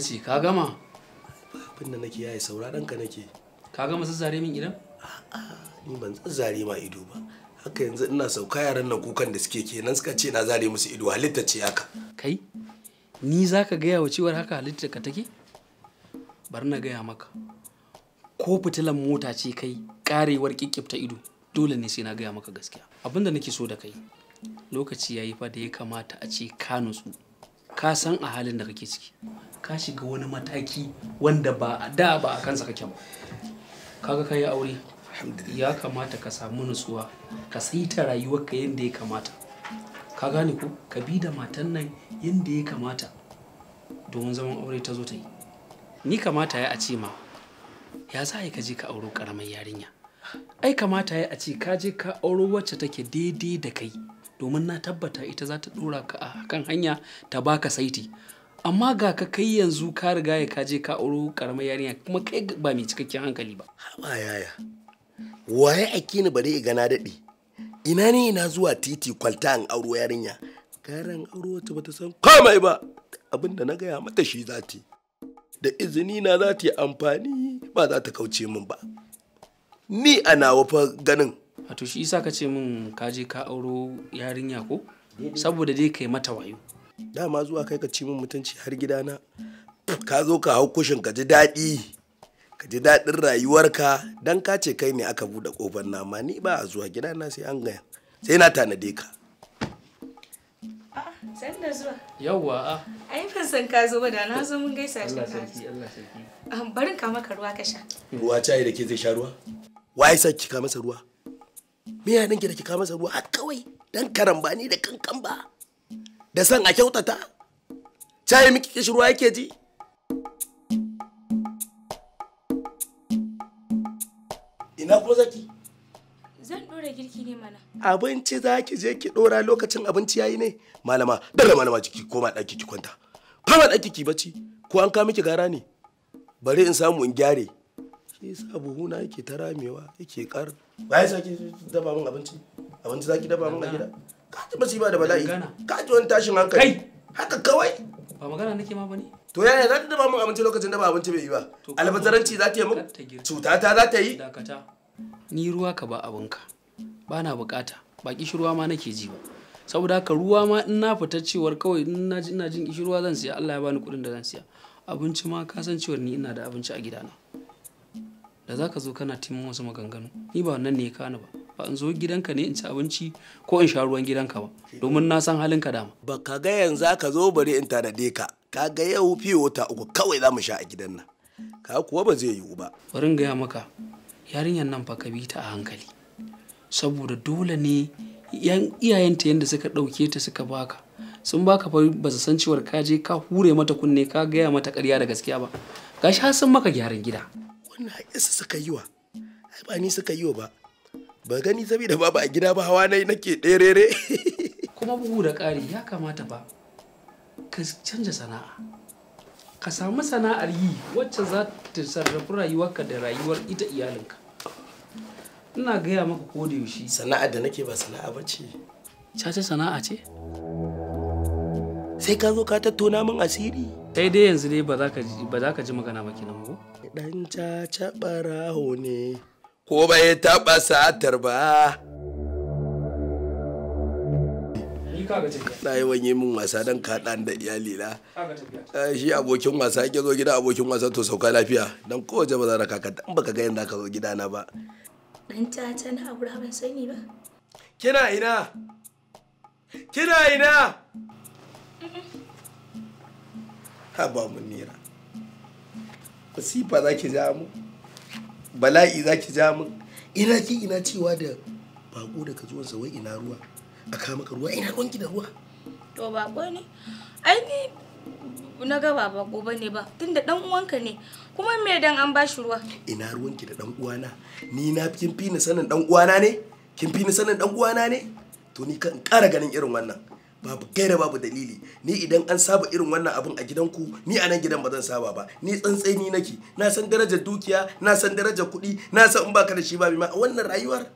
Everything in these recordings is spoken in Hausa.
na ce ka gama abin da nake yayi saura ɗanka nake ka gama zazzare min gidan ni ban zazzare ma ido ba haka yanzu ina sauka yaran nan kukan da suke kenan suka ce na zare musu ido halitta ce haka kai ni zaka gaya wa cewar haka halitta ka take bar na gaya maka ko fitilan mota ce kai karewar kikkifta ido dole ne sai na gaya maka gaskiya abinda nake so da kai lokaci yayi fa da ya kamata a ce ka nutsu ka san a halin da kake ciki ka shiga wani mataki wanda ba da ba a kansa kake ba kaga kai aure ya kamata ka samu nutsuwa ka saita ka yadda ya kamata ka gane ko ka bi da matan nan yadda ya kamata domin zaman aure ta zo ta yi ni kamata ya a ce ma ya za ka je ka auro karamar yarinya ai kamata ya a ce ka je ka auro wacce take daidai da kai domin na tabbata ita za ta dora ka a kan hanya ta baka saiti amma ga ka kai yanzu ka riga ya kaje ka auro karamar yarinya kuma kai ba mai cikakken hankali ba haba yaya waye ake ni bare iga na daɗe ina ne ina zuwa titi kwalta an auro yarinya karan auro wacce bata san komai ba abinda na gaya mata shi zati da izini na za amfani ba za ta kauce min ba ni a nawa fa ganin a to shi isa ka ce min ka je ka auro yarinya ko saboda dai kai mata wayo dama zuwa kai ka ci min mutunci har gidana ka zo ka hau kushin ka ji daɗi ka ji daɗin rayuwarka dan ka ce kai ne aka buɗe ƙofar ma ni ba a zuwa gidana sai an gaya sai na tanade ka ah, Sanda zuwa. Yawwa a. Ah. yi ban ka zo ba da na zo mun gaisa shi. Allah sarki, Allah sarki. Barin ka maka ruwa ka sha. Ruwa chai da ke zai sha ruwa? Wai sai ki ka masa ruwa? me ya ki da ki kawo masa ruwa haka kawai dan karambani da kankan ba da san a kyautata caye miki kishi ruwa yake ji ina ko zaki zan dora girki ne mana abinci zaki je ki dora lokacin abinci yayi ne malama dalla malama jiki koma daki ki kwanta fama daki ki bacci ko an ka miki gara ne bari in samu in gyare shi sa buhuna yake ta ramewa yake kar ba sa ki dafa min abinci abinci zaki dafa min a gida ka ji masifa da bala'i ka ji wani tashin hankali haka kawai ba magana nake ma bane to yaya za ta dafa min abinci lokacin dafa abinci bai yi ba albazaranci za ta yi min cuta ta za ta yi ni ruwa ka ba abinka ba na bukata ba kishirwa ma nake ji ba saboda haka ruwa ma in na fita cewar kawai in na ji ina jin kishirwa zan siya Allah ya bani kuɗin da zan siya abinci ma ka san cewar ni ina da abinci a gidana da za ka zo kana timin wasu maganganu ni ba wannan ne ya kani ba ba in zo gidanka ne in ci abinci ko in sha ruwan gidanka ba domin na san halin ka dama ba ka ga yanzu ka zo bari in tanade ka ka ga yau fiye wata uku kawai za mu sha a gidan nan ka kuwa ba zai yiwu ba bari gaya maka yarinyar nan fa ka bi ta a hankali saboda dole ne yan iyayenta yadda suka ɗauke ta suka baka sun baka fa ba su san cewar ka je ka hure mata kunne ka gaya mata ƙarya da gaskiya ba gashi har sun maka gyaran gida wannan haƙƙinsa suka yi wa ba ni suka yi wa ba ba gani saboda babu a gida ba hawa nai nake ɗerere kuma bugu da ƙari ya kamata ba ka canza sana'a ka samu sana'ar yi wacce za ta sarrafi rayuwarka da rayuwar ita iyalinka ina gaya maka ko da yaushe sana'a da nake ba sana'a ba ce caca sana'a ce sai ka zo ka tattauna min asiri sai dai yanzu dai ba za ka ji magana ba kenan ko dan caca baraho ne ko ba ya taɓa satar ba na yi wani mun wasa don kaɗan da iyalina shi abokin wasa ke zo gida abokin wasa to sauka lafiya don kowace ba za da kaka ba baka ga yadda ka zo gidana ba dan caca na abu ban sani ba kina ina kina ina ha ba mu mira masifa za ki ja mu bala'i za ki ja mu ina ki ina cewa da bako daga zuwansa wai ina ruwa a kama ka ruwa ina ruwanki da ruwa to bako ne ai ni na ga ba bako ba ne ba tunda dan uwanka ne kuma me dan an ba shi ruwa ina ruwanki da dan uwana ni na kin fi ni sanin dan uwana ne kin fi ni sanin dan uwana ne to ni kan kara ganin irin wannan babu gaira babu dalili ni idan an saba irin wannan abun a gidanku ni a nan gidan ba zan saba ba ni tsantsaini nake na san darajar dukiya na san darajar kuɗi na san in baka da shi ba ma a wannan rayuwar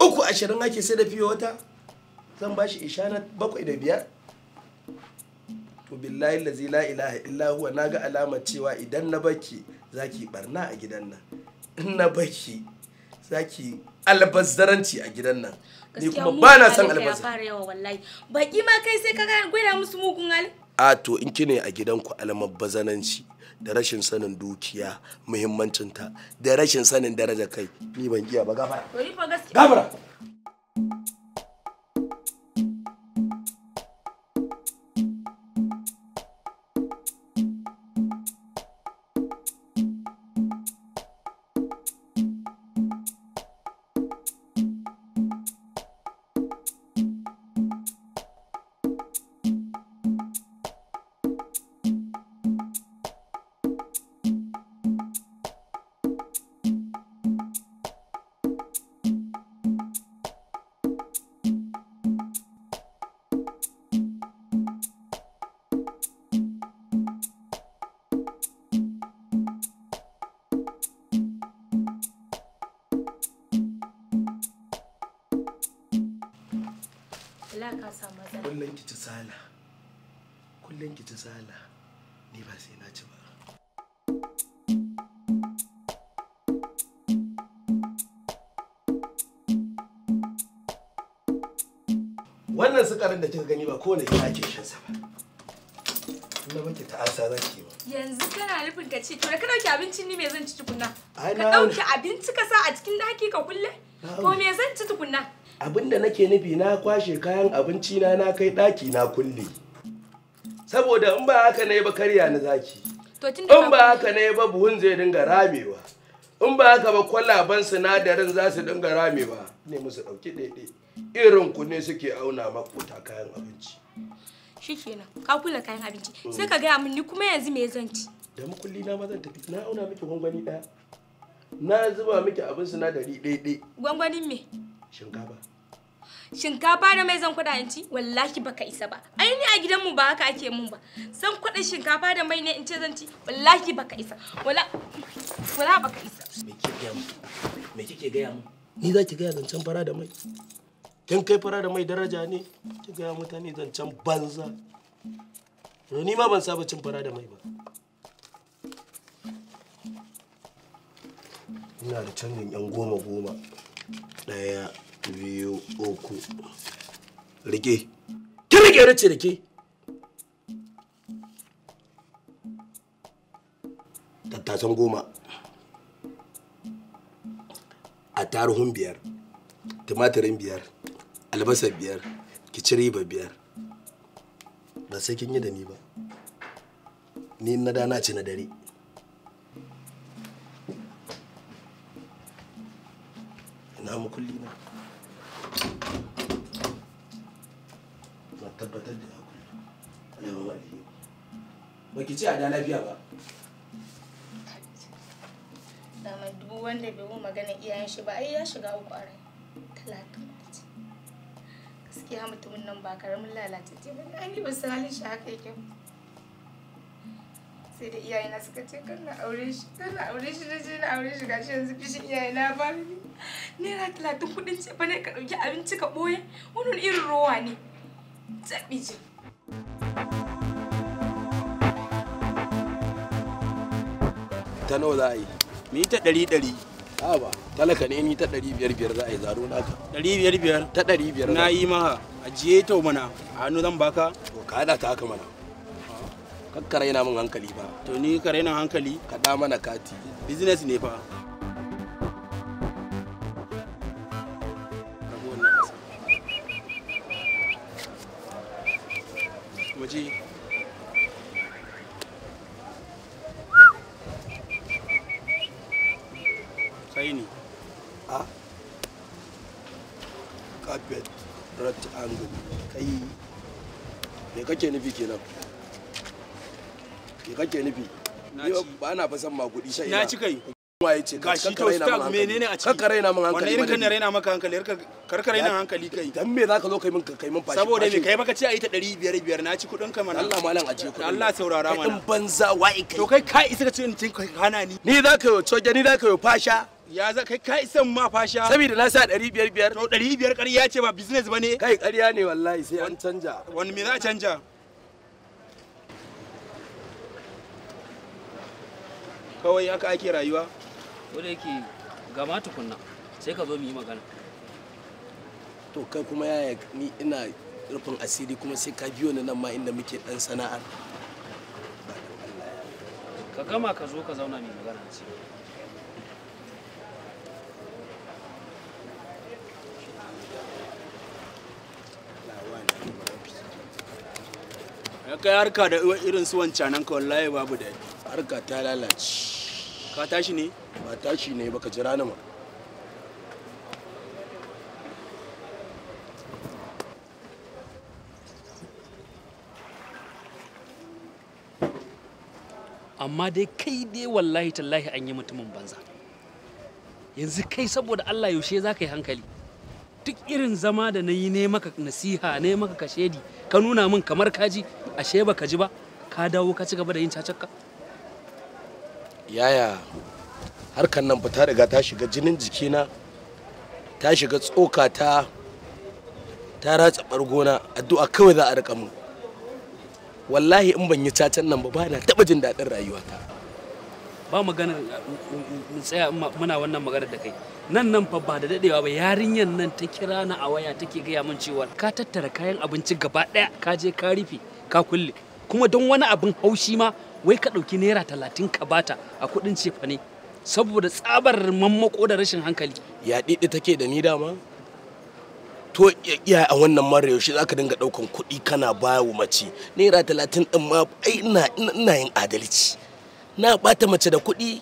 uku ashirin ake sai da fiye wata zan ba shi ishana bakwai da biyar to billahi lazi la ilaha illa huwa na ga alamar cewa idan na baki zaki barna a gidan nan in na baki zaki albazzaranci a gidan nan ni kuma ba na san albazzaranci baki ma kai sai ka gwada musu mugun hali a to in kine a gidanku almabazananci da rashin sanin dukiya muhimmancinta da rashin sanin daraja kai ni ban iya ba gafara gafara Kullum ki ci sala kullun ki ci sala ni ba sai na ci ba wannan sukarin da kika gani ba kowane gida ake shan sa ba na miki ta'asa za ki yi yanzu kana nufin ka ce to da ka dauki abincin ni me zan ci tukunna ka dauki abinci ka sa a cikin daki ka kulle to me zan ci tukunna abinda nake nufi na kwashe kayan abinci na na kai ɗaki na kulle saboda in ba haka ne ba karya na zaki in ba haka ne ba buhun zai dinga ramewa in ba haka ba kwalaban sinadarin za su dinga ramewa ne musu ɗauki ɗaiɗai irin ku ne suke auna makota kayan abinci shikenan ka kula kayan abinci sai ka gaya mun ni kuma yanzu me zan ci da mukulli na ma zan tafi na auna miki gwangwani ɗaya na zuba miki abin sinadari ɗaiɗai gwangwanin me Shinkafa. Shinkafa da mai zan kwada in ci? Wallahi baka isa ba. Ai ni a gidanmu ba haka ake mun ba. Zan kwada shinkafa da mai ne in ce zan ci? Wallahi baka isa. Wala wala baka isa. Me kike gaya mu? Me kike gaya mu? Ni za ki gaya zancen fara da mai. Kin kai fara da mai daraja ne? Ki gaya mutane zancen banza. To ni ma ban saba cin fara da mai ba. Ina da canjin 'yan goma goma. ɗaya biyu uku rike ki rike rike da tattasan goma a tarihun biyar tumatirin biyar albasa biyar ki riba biyar ba sai kin yi da ni ba ni na dana ci na dare na mu kulli na na tabbatar da hakuri alamun aliyu ba ki ce a da lafiya ba dama duk wanda bai yi magana iyayen shi ba ai ya shiga uku a rai talatin gaskiya mutumin nan ba karamin ce ba na ni ba su halin shi haka yake sai da iyayena suka ce kan na aure shi kan na aure shi na je na aure shi gashi yanzu fishin iyayena ba ni naira talatin kudin ce fa ne ka ɗauki abinci ka ɓoye wani irin rowa ne zaɓi jin ta nawa za a yi mu ta ɗari ɗari a ba talaka ne ni ta ɗari biyar biyar za a yi zaro naka ɗari biyar biyar ta ɗari biyar na yi maha ajiye ta mana a hannu zan baka to ka haɗa ta haka mana kakkara yana min hankali ba to ni kare hankali ka da mana kati business ne fa kana fa san magudi sha ina na ci kai ya ce ka shi to stag menene a ciki kakkare na mun hankali wannan irin kan raina maka hankali karkare na hankali kai dan me zaka zo kai min kai min fashi saboda me kai baka ce ayi ta 500 500 na ci kudin ka mana Allah malam aje kudin Allah saurara mana kudin banza wa'i kai to kai ka isa ka ce in kai kana ni ni zaka yo coge ni zaka yo fasha ya za kai ka isan ma fasha saboda na sa 500 500 to 500 ƙarya ce ba business bane kai ƙarya ne wallahi sai an canja wani me za a canja kawai aka ake rayuwa ko da yake gama tukunna sai ka zo mu yi magana to kai kuma yaya ni ina rufin asiri kuma sai ka biyo ni nan ma inda muke dan sana'ar ka gama ka zo ka zauna mai magana ce ya kai harka da irin su canan ka wallahi babu da harka ta lalace ka tashi ne ba tashi ne baka jira ni ma amma dai kai dai wallahi tallahi an yi mutumin banza yanzu kai saboda Allah yaushe za ka yi hankali duk irin zama da na yi ne maka nasiha ne maka kashedi ka nuna min kamar kaji ashe ba ka ji ba ka dawo ka ci gaba da yin cacakka yaya harkan nan fita daga ta shiga jinin jikina ta shiga tsoka ta ta ratsa bargona addu'a kawai za a rika mu wallahi in ban yi cacan nan ba ba na taba jin daɗin rayuwata ba magana uh, maganar tsaya muna wannan maganar da kai nan nan fa ba da dadewa ba yarinyar nan ta kira na a waya take gaya min cewa ka tattara kayan abinci gaba ɗaya ka je ka rufe ka kulle kuma don wani abin haushi ma wai ka ɗauki naira talatin ka bata a kuɗin cefa ne saboda tsabar mammako da rashin hankali ya ɗiɗi take da ni dama to iya a wannan mara yaushe za ka dinga ɗaukan kuɗi kana bawa mace naira talatin ɗin ma ai ina yin adalci na bata mace da kuɗi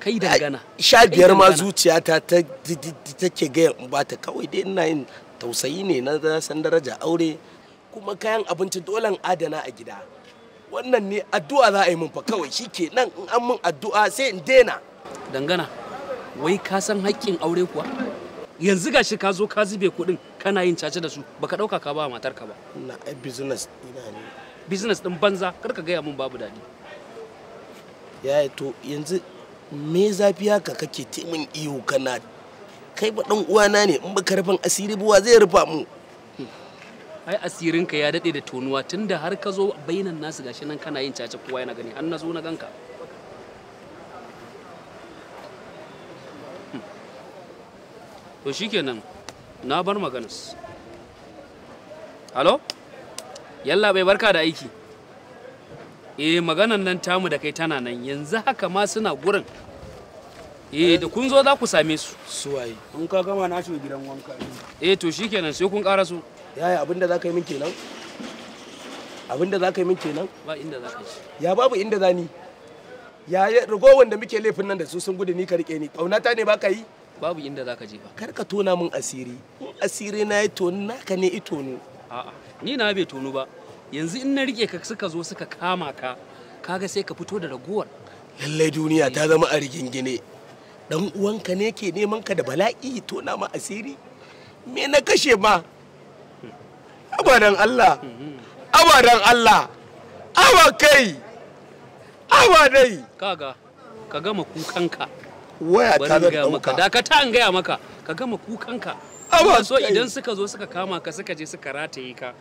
kai da gana. sha biyar ma zuciyata ta take gaya in bata kawai dai ina yin tausayi ne na san daraja aure kuma kayan abinci dole adana a gida wannan ne addu'a za a yi mun fa kawai shi ke nan in an mun addu'a sai in dena. dangana wai ka san haƙƙin aure kuwa yanzu shi ka zo ka zube kuɗin kana yin caca da su baka ɗauka ka ba matar ka ba na ai business ina ne business din banza kar ka gaya min babu daɗi yi to yanzu me zafi haka kake taimin iyo kana kai ba ɗan uwana ne in ba karfin asiri ba zai rufa mu ai asirinka ya daɗe da tonuwa tunda har ka zo bainan nasu gashi nan kana yin caca kowa yana gani har na zo na ganka hmm. to shikenan na bar maganas halo yalla bai barka da aiki eh maganan nan tamu da kai tana nan yanzu haka ma suna gurin eh da kun zo za ku same su suwaye kun ka gama na shi gidan wanka eh. eh to shikenan sai kun ƙara su yaya abinda za ka yi min kenan abinda za ka yi min kenan ba inda za ka yi ya babu inda za ni ya ragowar da muke laifin nan da su sun gudu ni ka rike ni ƙaunata ne ba ka yi babu inda za ka je ba kar ka tona min asiri asiri na ya tonu naka ne itonu a'a ni na bai tonu ba yanzu in na rike ka suka zo suka kama ka kaga sai ka fito da ragowar lallai duniya ta zama a rigingine dan uwanka ne ke neman ka da bala'i tona ma asiri me na kashe ma abadan Allah abadan Allah awa kai awa dai kaga ka gama kukanka waya ta zan Da dakata an gaya maka ka gama kukanka awa so idan suka zo suka kama ka suka je suka rataye ka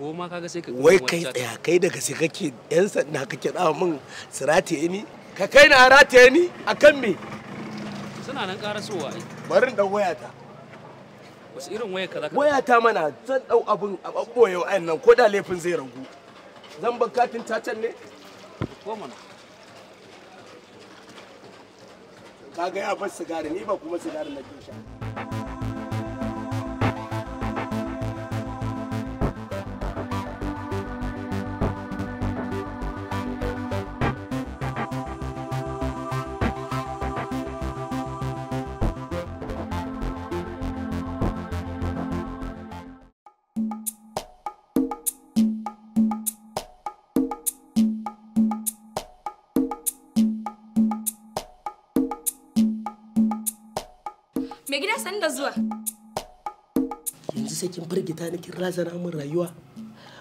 goma kaga sai ka wai kai tsaya kai daga sai kake yan sanda kake dawo min su rataye ni ka kai na rataye ni akan me suna nan karasowa bari dan wayata wasu waya ka ta mana zan dau abun a boye wa'an nan ko da laifin zai ragu zan ban katin can ne ko mana ga ya bar sigari ni ba kuma sigari na ke sha sai kin firgita ni kin razana min rayuwa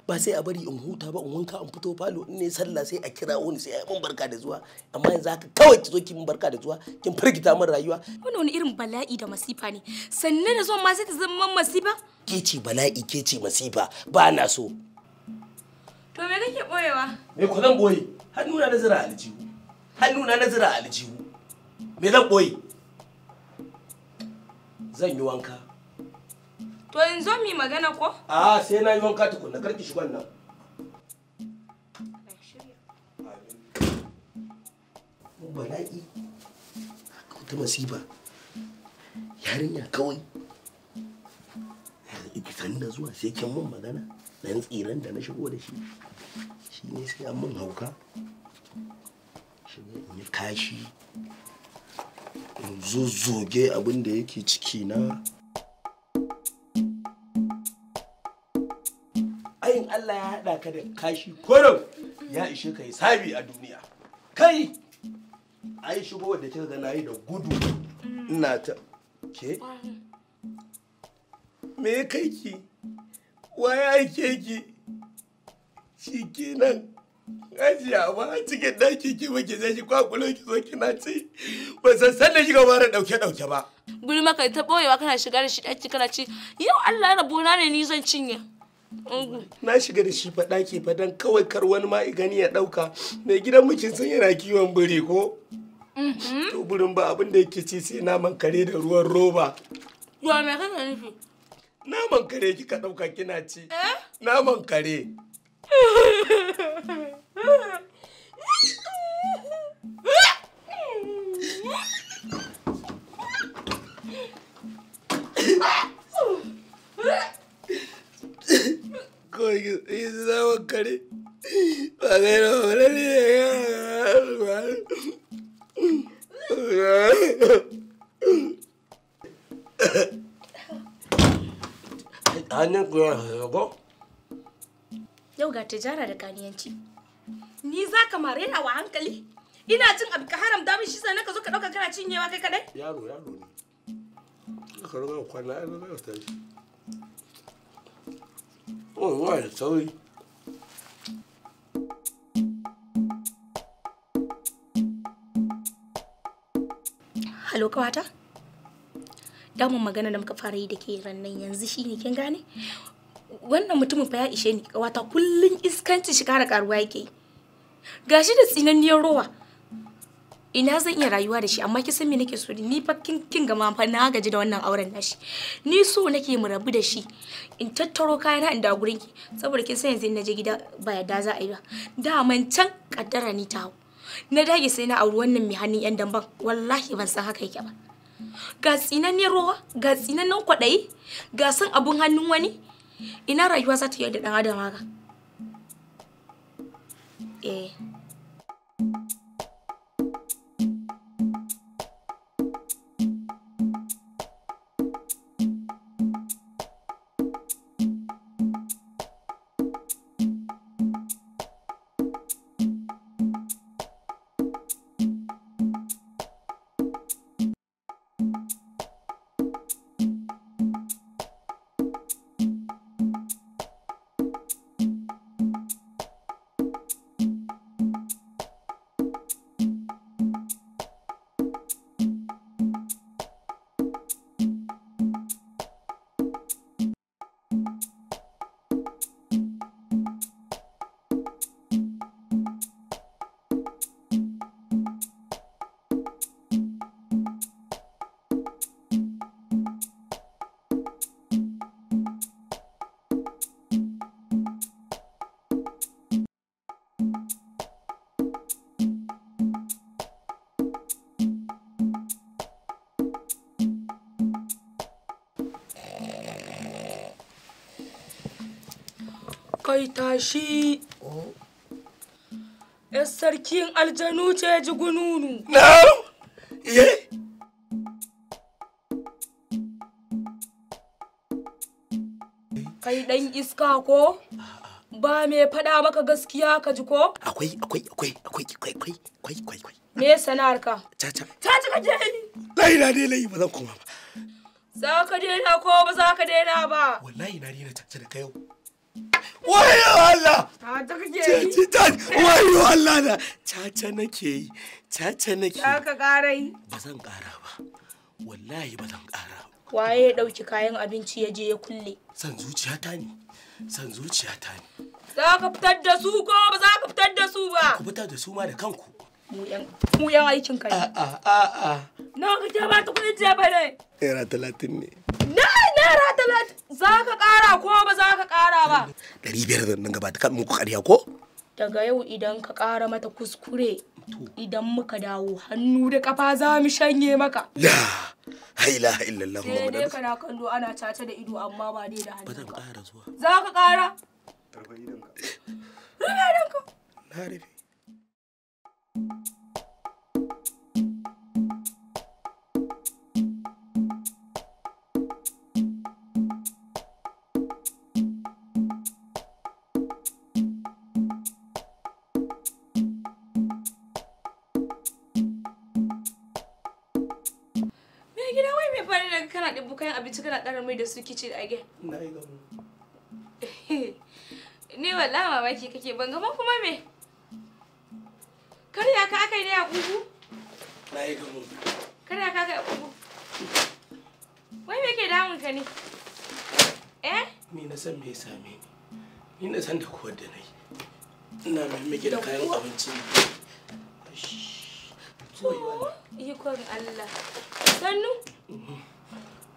ba sai a bari in huta ba in wanka in fito falo in ne sallah sai a kira wani sai a yi min barka da zuwa amma yanzu haka kawai ki zo ki min barka da zuwa kin firgita min rayuwa wani wani irin bala'i da masifa ne sannan da zuwa ma sai ta zama masifa ke ce bala'i ke ce masifa ba na so to me kake boyewa me ku zan boye hannuna na zira aljihu hannuna na zira aljihu me zan boye zan yi wanka To yanzu mi magana ko? A sai na yi wanka tukunna karki shigon nan. Bala'i, wata masifa, yarinya kawai. san da zuwa sai kyan mun magana, dan tsiran da na shigo da shi. Shi ne sai an mun hauka. Shi ne in yi kashi, in zo abin da yake ciki na. Allah ya haɗa ka da kashi kodo ya ishe ka hisabi a duniya kai ai shigo wadda kika ga yi da gudu ina ta ke me ya kai ki ya ke ki shi kenan Ajiya ba a cikin daki ki muke zai ki kwakulo ki zo kina ci ba san san da shiga bara dauke dauke ba. Gulma kai ta boyewa kana shiga da shi daki kana ci yau Allah rabona ne ni zan cinye. na shiga da shi faɗaki ke fadan kawai kar wani ma gani ya ɗauka mai gidan mukin sun yana kiwon biri ko mm-hmm. to burin ba abin da yake ci sai naman kare da ruwan roba mai kana nufi naman kare kika ɗauka kina ci eh? naman kare y se da bakare ba zai da wani ne ya hannun ku yau ga tijara da kaniyanci ni za ka mare wa hankali ina cin abu ka haramta damin shi sannan ka zo ka ɗauka kana cinyewa kai kaɗai yaro yaro ne ka kwana ba Oi, uai, sauri. Halo kawata? Damun magana da muka fara yi da ke ran nan yanzu ne kin gane? Wannan mutumin fa ya ishe ni kawata kullum iskanci shi kara karuwa yake. Gashi da tsinanniyar rowa. ina zan iya rayuwa da shi amma ki san me nake so ni fa kin kin ga fa na gaji da wannan auren nashi ni so nake mu rabu da shi in tattaro kayana in da gurin ki saboda kin san yanzu na je gida ba yadda za a yi ba da man can kaddara ni ta na dage sai na auri wannan mai hannun yan damban wallahi ban san haka yake ba ga tsinannen rowa ga tsinannen kwaɗayi ga san abun hannun wani ina rayuwa za ta yi da dan adam haka eh kai tashi oh. yar sarkin aljanu ce ji gununu na iye kai dan iska ko ba me fada maka gaskiya ka ji ko akwai akwai akwai akwai akwai akwai akwai akwai akwai me sanar ka caca caca kake yi lai na dai lai ba zan koma ba za ka daina ko ba za ka daina ba wallahi na daina caca da kai yau wayo Allah wayo Allah na caca nake yi caca nake yi ka ƙara yi ba zan ƙara ba wallahi ba zan ƙara ba waye ya ɗauki kayan abinci ya je ya kulle san ta ne san ta ne za ka fitar da su ko ba za ka fitar da su ba ku fitar da su ma da kanku mu yan aikin kai a'a-a'a. a nawa kake ba ta kudin jefa ne naira talatin ne na naira talatin za ka kara ko ba za ka kara ba ɗari biyar da nan gaba ta kan muku ƙarya ko daga yau idan ka ƙara mata kuskure idan muka dawo hannu da kafa za mu shanye maka la haila illallah sai dai kana kallo ana caca da ido amma ba dai da hannu ba zan ƙara zuwa za ka ƙara rufe idonka rufe idonka na rufe ƙara mai da su kitchen again na yi gamu ni wallahi mamaki kake ban gama kuma me karya ka aka yi ne a kugu na yi gamu karya ka aka yi a kugu wai me ke damun ka ne eh ni na san me ya same ni ni na san da kuwar da na yi ina mai miki da kayan abinci ikon Allah sannu Mm -hmm.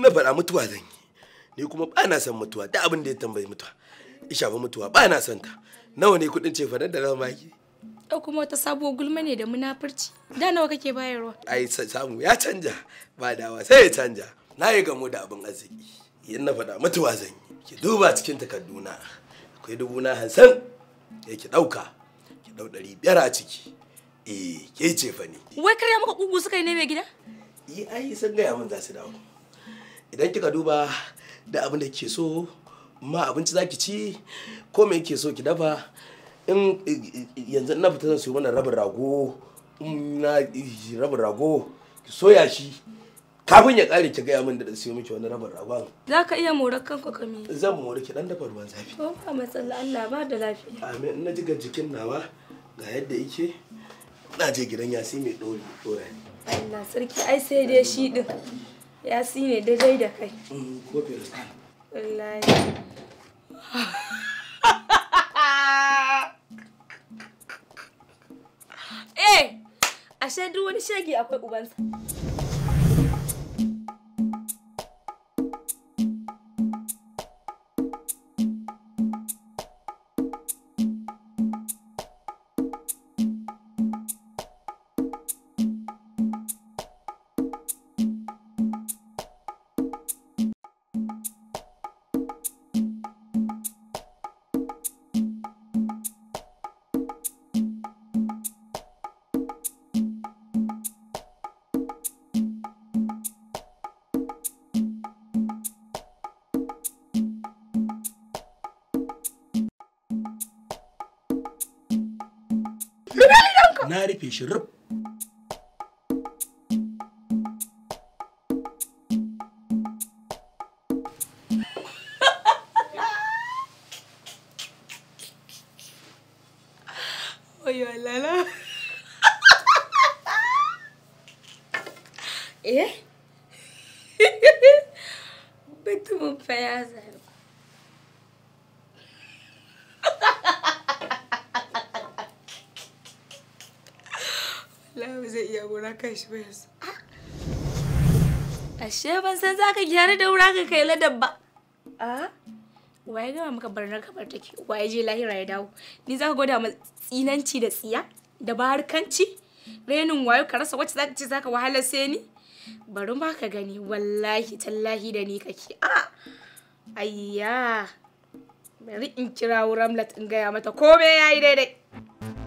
na faɗa mutuwa zan yi ni kuma ba na son mutuwa da abin da ya tambayi mutuwa isha ba mutuwa ba na son ta nawa ne kuɗin ce faɗar da na maki ɗau kuma wata sabuwar gulma ne da munafurci da nawa kake bayarwa ai samu ya canja ba dawa sai ya canja na yi gamo da abin arziki yin na faɗa mutuwa zan yi ki duba cikin takarduna akwai dubu na hansan ki ɗauka ki ɗau ɗari biyar a ciki eh ke ce fa ne wai karya maka ƙugu suka yi ne mai gida yi ai sun gaya min za su dawo idan kika duba da abin da ke so ma abinci za ki ci ko me ke so ki dafa in yanzu na fita zan su mana rabin rago na rabin rago ki soya shi kafin ya kare ki gaya min da siyo miki wani rabin ragon za ka iya morar kanka kami zan mori ki dan dafa ruwan zafi ko ba matsala Allah ba da lafiya amin na jiga jikin nawa ga yadda yake ina je gidan yasi mai dori dora Allah sarki ai sai dai shi din ya si ne daidai da kai ko firistan wallahi eh ashe duk wani shege akwai ubansa na rufe shi rub Ah. ashe ban san za gyara da wura ka kai ladan ba a ah? waye gama maka barnar kabar take waye je lahira ya dawo ni zaka ka gwada ma tsinanci da tsiya da barkanci renin wayo ka rasa wacce za ka ce za wahala sai ni bari ma ka gani wallahi tallahi da ni kake a ah! ayya bari in kira ramlat in gaya mata kome yayi daidai